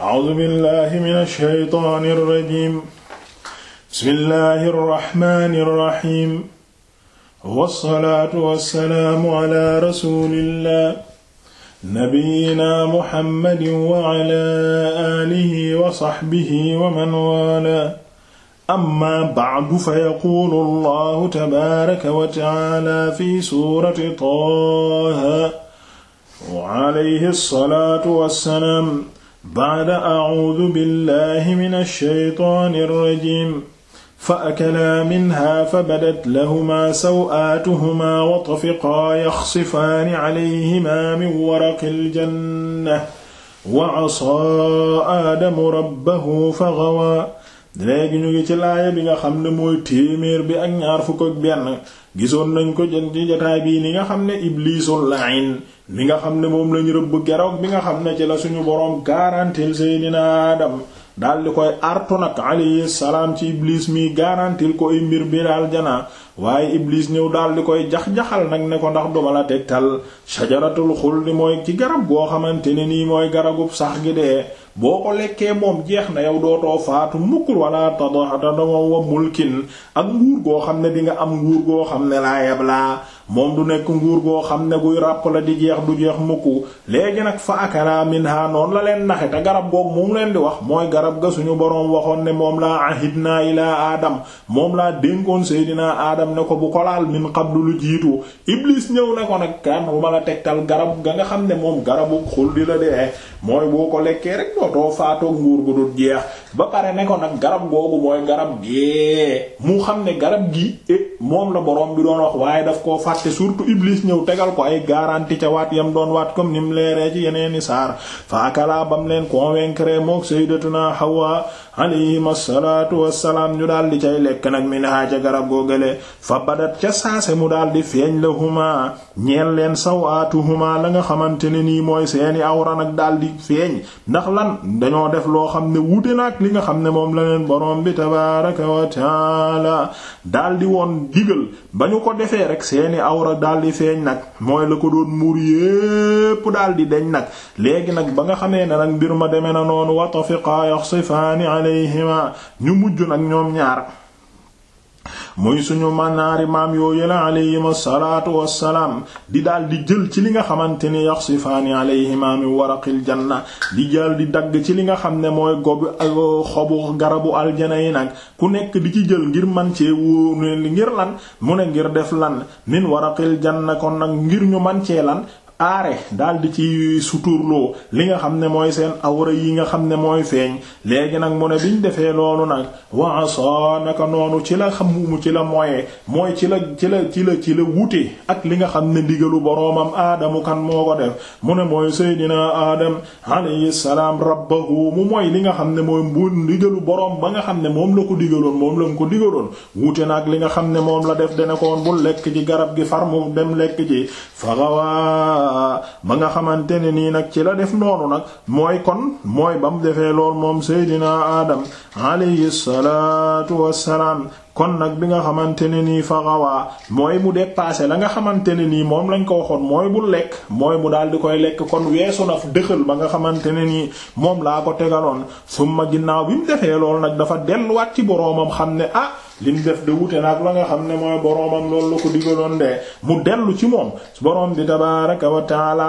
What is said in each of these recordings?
A'uuzu billaahi mina shaytaani rajiim. Bismillaahi rahmaani rahiim. Wassalaatu wassalaamu alaa rasuulillaah nabiyyinaa Muhammadin wa alaa aalihi wa sahbihi wa man waalaa. Ammaa ba'du fayaquulu Allaahu tabaaraka wa ta'aalaa fi suurati Taaha alayhi salaatu wassalaam ba'da a'uudu billahi mina shaytaani rajiim فأكلا منها فبدت لهما سوآتهما وطفقا يخصفان عليهما من ورق الجنة وعصى آدم ربه فغوى léegi ñu ngi ci laaya bi nga xam ne mooy téeméer bi ak ñaar fukk ak benn gisoon nañ ko jën ci jotaay bii ni nga xam ne ibliisul la'iin mi nga xam ne moom lañu rëbb geroog bi nga xam ne ci la suñu boroom garantil seydina Adam daldi koy artu nag alayhi salaam ci Iblis mi garantil ko ay mbir bi daal janaa waaye Iblis ñëw daal di koy jax-jaxal nag ne ko ndax duma la tegtal sajaratul xuldi mooy ci garab goo xamante ne nii mooy garagub sax gi dee boo ko lekkee moom jeex na yow dootoo faatu mukk wala taddatadamom wa mulkin ak nguur goo xam ne di nga am nguur goo xam ne laa moom du nekk nguur goo xam ne guy ràpp di jeex du jeex mukk léegi nag fa akala minha noonu la leen naxe te garab goog moom leen di wax mooy garab ga suñu boroom waxoon ne moom laa ahidna ila aadam moom laa dénkoon seydina aadam ne ko bu ko laal min qablu lu jiitu iblis ñëw ne ko nag kan bu ma la tegtal garab ga nga xam ne moom garabu xuldi la dee mooy boo ko lekkee rek dootoo faatoog nguur gu dul jeex ba pare ne ko nag garab googu mooy garab gee mu xam ne garab gi e moom la borom bi doon wax waaye daf koo fàtte surtout iblis ñëw tegal ko ay garanti ca waat yam doon waat comme ni mu leeree ci yeneeni saar faakala bam leen convaincre mook sayyidatuna Hawa alayhim asalaatu wassalaam ñu daal di cay lekk nag min haaja garab googale fa badat ca saase mu daal di feeñ lahuma ñeel leen sawaatuhuma la nga xamante ne nii mooy seeni awra nag daal di feeñ ndax lan dañoo def loo xam ne wuute naag li nga xam ne moom la leen borom bi tabaaraka wa taala daal di woon digal ba ñu ko defee rek seeni awra daal di feeñ nag mooy la ko doon muur yépp daal di deñ nag léegi nag ba nga xamee ne nag mbir ma demee na noonu wa tafiqa yaxsifaani alayhima ñu mujj nag ñoom ñaar muy suñu manaari maam yoo yële alayhima salaatu wassalaam di daal di jël ci li nga xamante ni yaxsifaani alayhima min waraqil janna di jël di dagg ci li nga xam ne mooy gobi ak xobu garabu aljana yi nag ku nekk di ci jël ngir man cee wóor ngir lan mu ne ngir def lan min waraqil janna kon nag ngir ñu man cee lan aare daal di ci suturloo li nga xam ne mooy seen awra yi nga xam ne mooy feeñ léegi nag mu ne biñ defee loolu nag wa asa naka noonu ci la xamumu ci la moye mooy ci la ci la ci la ci la ak li nga xam ne ndigalu boroomam aadamu kan moo ko def mu ne mooy seydina aadam alayhi salaam rabbahu mu mooy li nga xam ne mooy mbu ndigalu boroom ba nga xam ne moom la ko digaloon moom la mu ko digaloon wuute nag li nga xam ne moom la def dana ko bu lekk ci garab gi far mu dem lekk ci fagawa ba nga xamante ne nii nag ci la def noonu nag mooy kon mooy ba mu defee lool moom seydina adam alayhi salaatu wassalaam kon nag bi nga xamante ne nii fa xawaa mooy mu dépassé la nga xamante ne nii moom lañ ko waxoon mooy bul lekk mooy mu daal di koy lekk kon weesu na dëxal ba nga xamante ne nii moom laa ko tegaloon summa ginnaaw bi mu defee lool nag dafa delluwaat ci boroomam xam ne ah lim def de wute nag la nga xam ne mooy boroomam loolu la ko digaloon de mu dellu ci moom boroom bi tabaaraka wa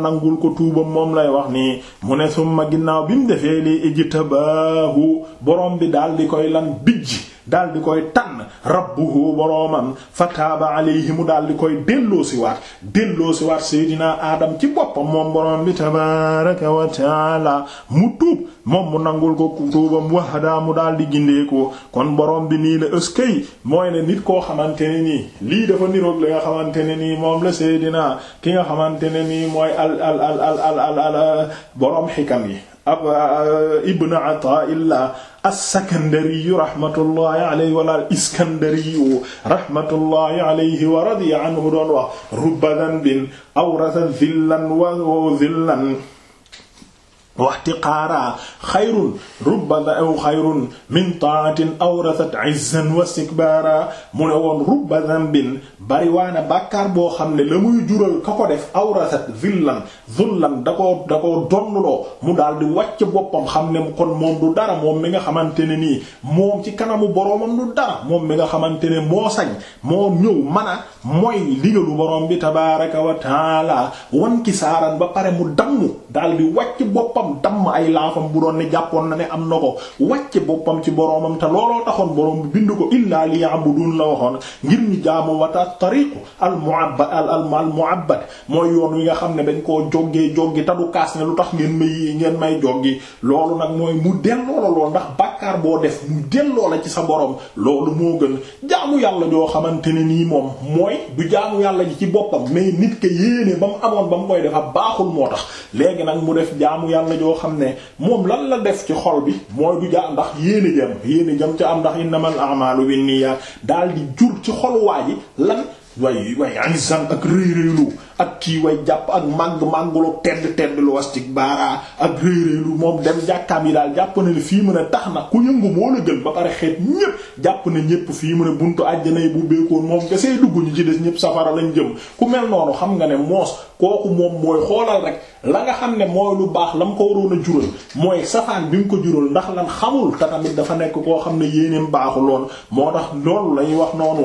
nangul ko tuubam moom lay wax nii mu ne summa ginnaaw bi mu defee lii ijtabaahu boroom bi daal di koy lan bijj daal di koy tànn rabbuhu boroomam fa taaba alayhi mu daal di koy delloo si waat delloo si waat seydinaa aadam ci boppam moom boroom bi tabaaraka wa taala mu tuub moom mu nangul ko tuubam wahdaa mu daal di gindeekoo kon borom bi nii la ëskay mooy ne nit koo xamante ne nii lii dafa niroog li nga xamante ne nii moom la seydinaa ki nga xamante ne nii mooy al al al al al al boroom xikam yi ab ibn ataillah as-sakandariyu rahmatullahi alayhi wala iskandariyu rahmatullahi alayhi wa radiya anhu doon wax rubba dhanbin awratha dhillan wa dhillan waxti qaaraa xayrun rubbada aw xayrun min taatin awrasat izzan wa stikbaara mu ne woon rubba zambin bariwaana bàkkaar boo xam ne la muy jural ka ko def awrasat zillan villan da koo da koo donnuloo mu daal di wàcc boppam xam ne kon moom du dara moom mi nga xamante ne nii moom ci kanamu boroomam du dara moom mi nga xamante ne moo sañ moo ñëw mën a mooy ligalu boroom bi tabaaraka wa taala wan kisaaran ba pare mu damm daal di wàcc boppam boppam damm ay laafam bu doon ne jàppoon na ne am na ko wàcce boppam ci boroomam te looloo taxoon boroom bi bind ko illaa liya'budun la waxoon ngir ñu jaamu wata tariqu al mu'abbad al mu'abbad mooy yoon wi nga xam ne dañ koo joggee joggi te du kaas ne lu tax ngeen may ngeen may joggi loolu nag mooy mu delloo ndax bàkkaar def mu delloo la ci sa boroom loolu moo gën jaamu yàlla joo xamante ne nii moom mooy du jaamu yàlla ji ci boppam mais nit ke yéene ba mu amoon ba mu koy def baaxul moo tax léegi nag mu def jaamu yàlla la joo xam ne moom lan la def ci xol bi mooy du ja ndax yéene jam yéene jam ca am ndax na man innamal a'malu binniyat daal di jur ci xol waa ji lan way way ak réy réylu ak kiiway jàpp ak màng màngulu tedd tedd lu was ci baaraa ak réeréelu moom dem jàkkaam yi daal jàpp na ne fii mën a tax na ku yëngu moo la gën ba pare xeet ñépp jàpp na ñépp fii mu a buntu àjjana yi bu beekoon moom gasee dugg ñu ci des ñépp safara lañ jëm ku mel noonu xam nga ne moos kooku moom mooy xoolal rek la nga xam ne mooy lu baax la mu ko waroon a jural mooy safaan bi mu ko jural ndax lan xamul te tamit dafa nekk koo xam ne yéeneem baaxul lool moo tax loolu lañuy wax noonu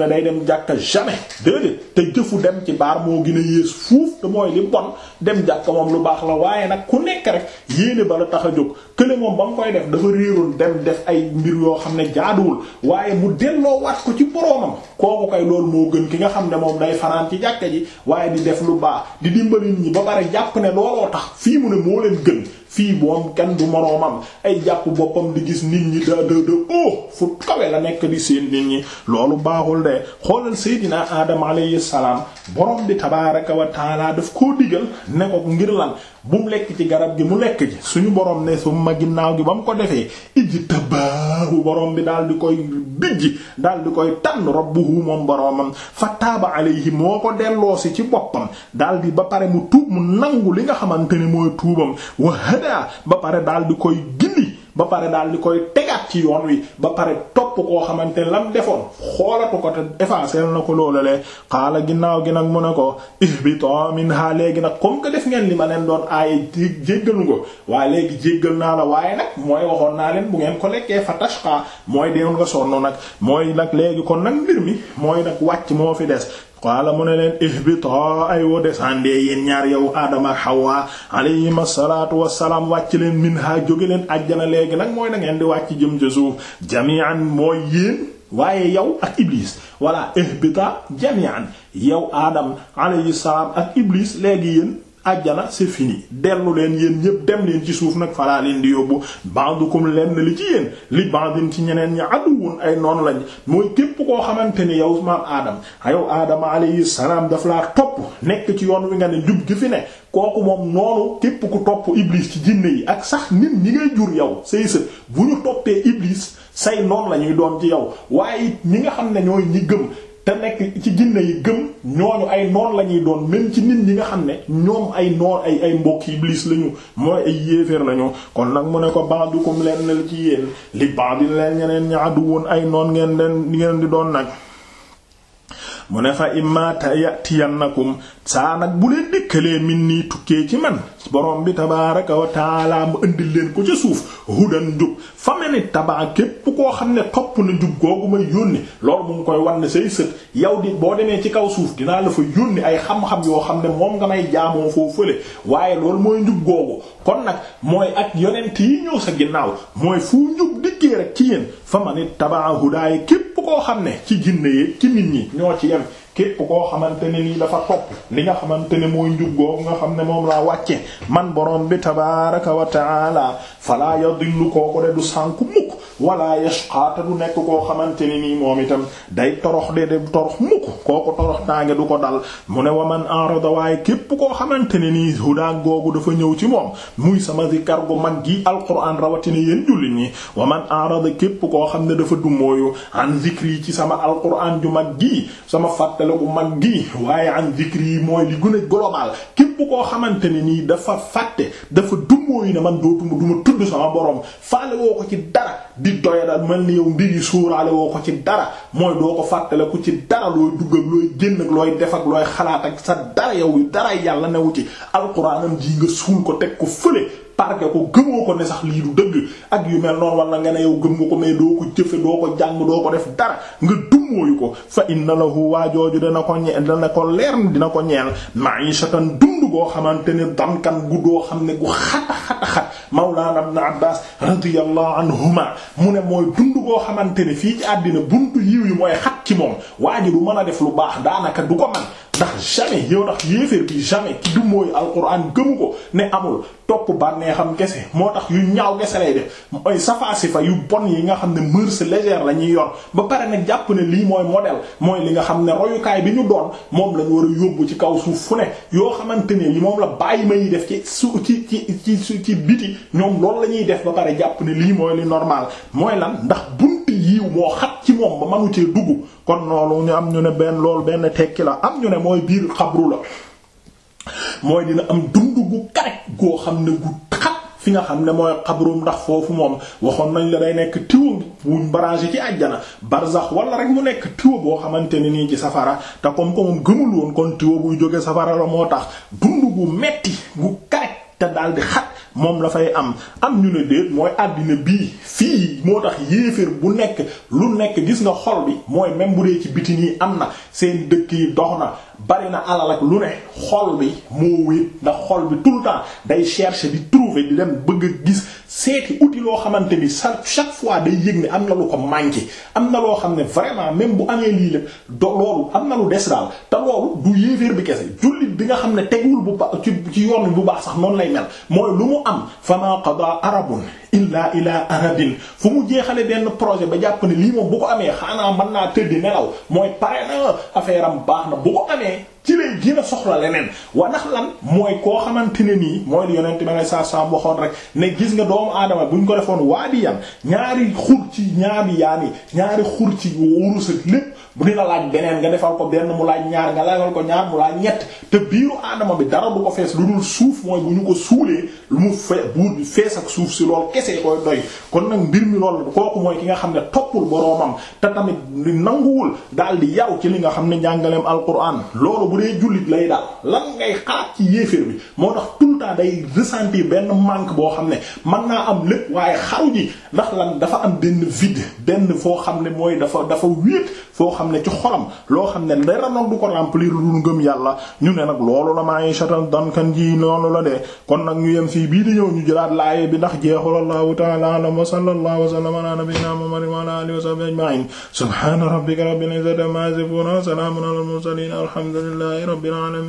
ne day dem jàkka jamais déedéet te jëfu dem ci baar moo gën a yées fuuf te mooy li bon dem jàkka moom lu baax la waaye nag ku nekk rek yéene ba la tax a jóg kële moom ba mu koy def dafa réeroon dem def ay mbir yoo xam ne jaaduwul waaye mu delloo waat ko ci boroomam kooku koy loolu moo gën ki nga xam ne moom day fanaan ci jàkka ji waaye di def lu baax di dimbali nit ñi ba pare jàpp ne looloo tax fii mu ne moo leen gën fii moom kenn du moroomam ay jàpp boppam di gis nit ñi da da da oh fu kawe la nekk di seen nit ñi loolu baaxul de xoolal seydinaa aadama alayhi salaam borom bi tabaaraka wa taala daf koo digal ne ko ngir lan bu lekk ci garab gi mu lekk ci suñu borom ne su ma ginnaaw gi ba mu ko defee ijji tabaaru borom bi daal di koy bijji daal di koy tànn rabbuhu moom boromam fa taaba alayhi moo ko delloosi ci boppam daal di ba pare mu tuub mu nangu li nga xamante ne mooy tuubam daa ba pare daal di koy gindi ba pare daal di koy tegaat ci yoon wi ba pare topp koo xamante ne lam defoon xoolatu ko te effacer na ko loolu le xaala ginnaaw gi nag mu ne ko ihbita minha léegi nag comme que def ngeen li ma leen doon aay aaye jéggalu ko waaye léegi jéggal naa la waaye nag mooy waxoon naa leen bu ngeen ko lekkee fa tashqa mooy dee nga sonn nag mooy nag léegi kon nag mbir mi mooy nag wàcc moo fi des qaala mu ne leen ihbita ay wa descende yéen ñaar yow aadama ak hawa alayhim asalatu wasalaam wàcc leen min minha jóge leen àjjana léegi nag mooy na ngeen di wàcc jëm ca suuf jami'an mooy yéen waaye yow ak iblis voilà ihbita jami'an yow aadam alayhi salaam ak iblis léegi yéen àjjana c'est fini dellu leen yéen ñépp dem leen ci suuf nag falaa leen di yóbbu ba'dukum lenn li ci yéen li ba'din ci ñeneen ñi aduwun ay noonu lañ mooy képp koo xamante ni yow maam aadam yow aadama alayhi salaam daf laa topp nekk ci yoon wi nga ne jub gi fi ne kooku moom noonu képp ku topp iblis ci jinne yi ak sax nit ñi ngay jur yow say sët bu ñu toppee iblis say noon la ñuy doon ci yow waaye it ñi nga xam na ñooy ñi gëm te nekk ci ginne yi gëm ñooñu ay noon la ñuy doon même ci nit ñi nga xam ne ñoom ay noon ay ay mbokk yi la lañu mooy ay yéeféer la kon nag mu ne ko ko ba'dukum leen ci yéen li ba'd leen ñeneen ñaadu woon ay noon ngeen leen ngeen di doon nag mu ne fa imma yatiyannakum saa nag bu leen dëkkalee min nii tukkee ci man borom bi tabaaraka wa taala mu indil leen ko ci suuf hudan njub fa meni tabaa képp koo xam ne topp na njub googu may yónni loolu mu ngi koy wan say sët yow di boo demee ci kaw suuf dinaa la fa yónni ay xam-xam yoo xam ne moom nga may jaamoo foo fële waaye loolu mooy njub googu kon nag mooy ak yonent yi ñëw sa ginnaaw mooy fu njub dikkee rek ci yéen fa man ittabaa hudaaya képp koo xam ne ci jinne yi ci nit ñi ñoo ci yem képp koo xamante ne nii dafa topp li nga xamante ne mooy njub googu nga xam ne moom laa wàcce man borom bi tabaaraka wa taala falaa yadillu kooku de du sànku mukk wala yashqa te du nekk koo xamante ne nii moom itam day torox de dem torox mukk kooku torox tànge du ko dal mu ne wa man arada waaye képp koo xamante ne nii hudaa googu dafa ñëw ci moom muy sama zikar gu mag gi alquran rawatina yéen jullit ñi wa man arada képp koo xam ne dafa dummóoyu an zikri ci sama alquran ju mag gii sama fàttale gu mag gii waaye an zikri yi mooy li gën a global képp koo xamante ne nii dafa fàtte dafa dummóoyu ne man dootuma duma tudd sama borom faale woo ko ci dara di doyadal mel ni yow mbir yi suuraale woo ko ci dara mooy doo ko ko ci dara looy dugg ak looy génn ak looy def ak looy xalaat ak sa dara yow yu dara yàlla newu ci alxuraanam ji nga suul ko teg ko fële. parce ko gëmoo ko ne sax lii du ak yu mel noonu wala nga ne yow gëm nga ko mais doo ko jëfe doo ko jàng doo ko def dara nga dummóoyu ko fa inna lahu waa jooju dana ko ñeel dana ko leer dina ko ñeel ma'ishatan dund goo xamante ne dankan gu doo xam ne gu xata xat-xat mawlaana ibn Abbaas radiyallahu anhuma mu ne mooy dund boo xamante ne fii ci àddina buntu yiw yi mooy xat ci moom waa ji du mën a def lu baax daanaka du ko man ndax jamais yow ndax yéeféer bi jamais ki du mooy alquran gëmu ko ne amul topp bànnee xam kese moo tax yu ñaaw kese lay def ay safaasi fa yu bon yi nga xam ne mœurs léger la ñuy yor ba pare nag jàpp ne lii mooy modèle mooy li nga xam ne royukaay bi ñu doon moom lañ war a yóbbu ci kaw suuf fu ne yoo xamante ne li moom la bàyyi ma yi def ci su ci ci ci ci biti ñoom loolu la ñuy def ba pare jàpp ne lii mooy li normal mooy lan ndax bunti yiw moo xat ci moom ba manu cee dugg kon noonu ñu am ñu ne benn lool benn tekki la am ñu ne mooy biir xabru la mooy dina am dund gu karek goo xam ne gu xat fi nga xam ne mooy xabrum ndax foofu moom waxoon nañ la day nekk tiwo wuñ barage ci àjjana barzax wala rek mu nekk tiwo boo xamante ne nii ci safara te comme que moom gëmul woon kon tiwo buy jóge safara la moo tax dund gu metti gu karek te daal di xat moom la fay am am ñu ne déet mooy àddina bii fii moo tax yéeféer bu nekk lu nekk gis nga xol bi mooy même bu dee ci biti nii am na seen dëkk yi dox na bari na alal ak lu ne xol bi moo wéet ndax xol bi tout le temps day chercher di trouver di dem bëgg gis seeti outil loo xamante ni sa chaque fois day yëg ne am na lu ko manqué am na loo xam ne vraiment même bu amee lii lépp do loolu am na lu des te loolu du yéeféer bi kese bi nga xam ne tegul bu baax ci ci bu baax sax noonu lay mel mooy lu mu am fama qada arabun illa ila arabin fu mu jeexale benn projet ba jàpp ne lii moom bu ko amee xaanaa man naa tëddi nelaw mooy pare na affaire baax na bu ko amee amee ci lay gën a soxla leneen wa ndax lan mooy koo xamante ne nii mooy li yonent ba ngay saa saa waxoon rek ne gis nga doomu aadama buñ ko defoon waadi yan ñaari xur ci ñaari yaani ñaari xur ci wurus lépp bu dina laaj beneen nga defal ko benn mu laaj ñaar nga defal ko ñaar mu laaj ñett te biiru aadama bi dara du ko fees lu dul suuf mooy bu ñu ko suulee lu mu fe bu fees ak suuf si lool kese koy doy kon nag mbir mi lool kooku mooy ki nga xam ne toppul boroomam te tamit li nanguwul daal di yaru ci li nga xam ne njàngaleem alquran loolu bu dee jullit lay daal lan ngay xalaat ci yéeféer bi moo tax tout le temps day ressentir benn manque boo xam ne man naa am lépp waaye xaru ji ndax lan dafa am benn vide benn foo xam ne mooy dafa dafa wéet foo xam xam ne ci xolam loo xam ne dara nag du ko remplir lu ngëm yàlla ñu ne nag loolu la maa ngi satan dankan ji noonu la de kon nag ñu yem fii bii di ñëw ñu jëlaat laaye bi ndax jeexul allahu ta'ala alam wa sallallahu wa sallama ala nabiyyina muhammadin wa ala alihi wa sahbihi ajma'in subhana rabbika rabbil izzati amma yasifun wa salamun ala al mursalin alhamdulillahi rabbil